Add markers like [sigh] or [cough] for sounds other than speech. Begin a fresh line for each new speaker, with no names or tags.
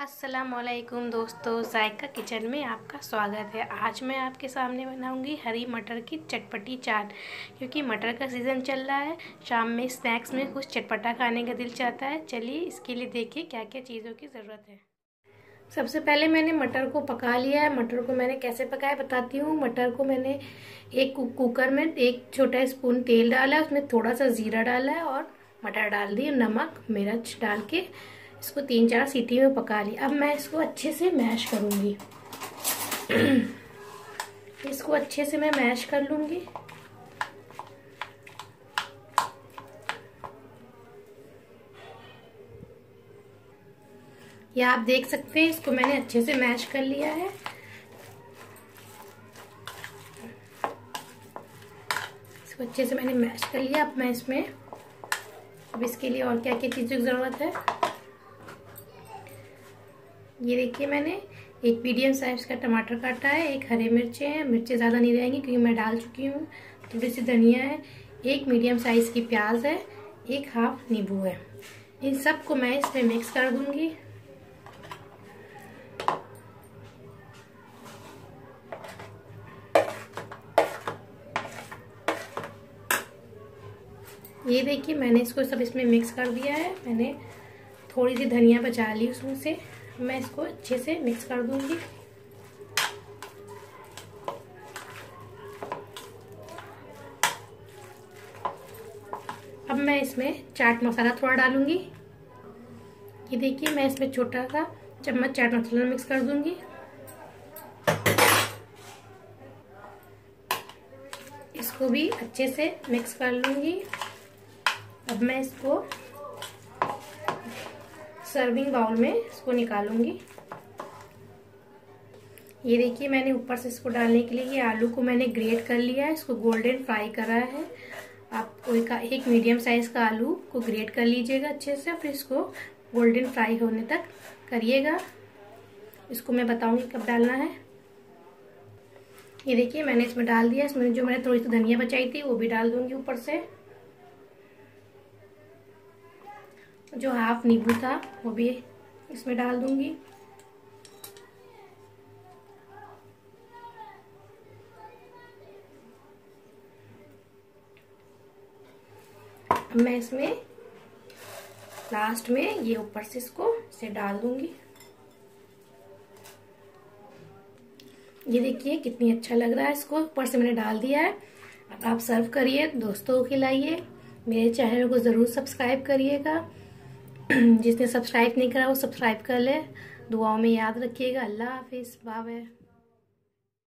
असलकुम दोस्तों जायका किचन में आपका स्वागत है आज मैं आपके सामने बनाऊंगी हरी मटर की चटपटी चाट क्योंकि मटर का सीज़न चल रहा है शाम में स्नैक्स में कुछ चटपटा खाने का दिल चाहता है चलिए इसके लिए देखिए क्या क्या चीज़ों की ज़रूरत है सबसे पहले मैंने मटर को पका लिया है मटर को मैंने कैसे पकाया बताती हूँ मटर को मैंने एक कुकर में एक छोटा स्पून तेल डाला उसमें थोड़ा सा ज़ीरा डाला है और मटर डाल दिए नमक मिर्च डाल के इसको तीन चार सीटी में पका ली अब मैं इसको अच्छे से मैश करूँगी [clears throat] इसको अच्छे से मैं मैश कर लूँगी ये आप देख सकते हैं इसको मैंने अच्छे से मैश कर लिया है इसको अच्छे से मैंने मैश कर लिया अब मैं इसमें अब इसके लिए और क्या क्या चीज़ों की ज़रूरत है ये देखिए मैंने एक मीडियम साइज़ का टमाटर काटा है एक हरे मिर्चे हैं मिर्चे ज़्यादा नहीं रहेंगी क्योंकि मैं डाल चुकी हूँ थोड़ी सी धनिया है एक मीडियम साइज़ की प्याज है एक हाफ नींबू है इन को मैं इसमें मिक्स कर दूंगी ये देखिए मैंने इसको सब इसमें मिक्स कर दिया है मैंने थोड़ी सी धनिया बचा ली उसमें से मैं इसको अच्छे से मिक्स कर दूंगी अब मैं इसमें चाट मसाला थोड़ा डालूंगी ये देखिए मैं इसमें छोटा सा चम्मच चाट मसाला मिक्स कर दूंगी इसको भी अच्छे से मिक्स कर लूंगी अब मैं इसको सर्विंग बाउल में इसको निकालूंगी ये देखिए मैंने ऊपर से इसको डालने के लिए ये आलू को मैंने ग्रेट कर लिया है इसको गोल्डन फ्राई करा है आप एक, एक मीडियम साइज का आलू को ग्रेट कर लीजिएगा अच्छे से फिर इसको गोल्डन फ्राई होने तक करिएगा इसको मैं बताऊंगी कब डालना है ये देखिए मैंने इसमें डाल दिया इसमें जो मैंने थोड़ी सी धनिया बचाई थी वो भी डाल दूंगी ऊपर से जो हाफ नींबू था वो भी इसमें डाल दूंगी मैं इसमें लास्ट में ये ऊपर से इसको से डाल दूंगी ये देखिए कितनी अच्छा लग रहा है इसको ऊपर से मैंने डाल दिया है अब आप सर्व करिए दोस्तों को खिलाइए मेरे चैनल को ज़रूर सब्सक्राइब करिएगा जिसने सब्सक्राइब नहीं करा वो सब्सक्राइब कर ले दुआओं में याद रखिएगा अल्लाह हाफिज़ बाय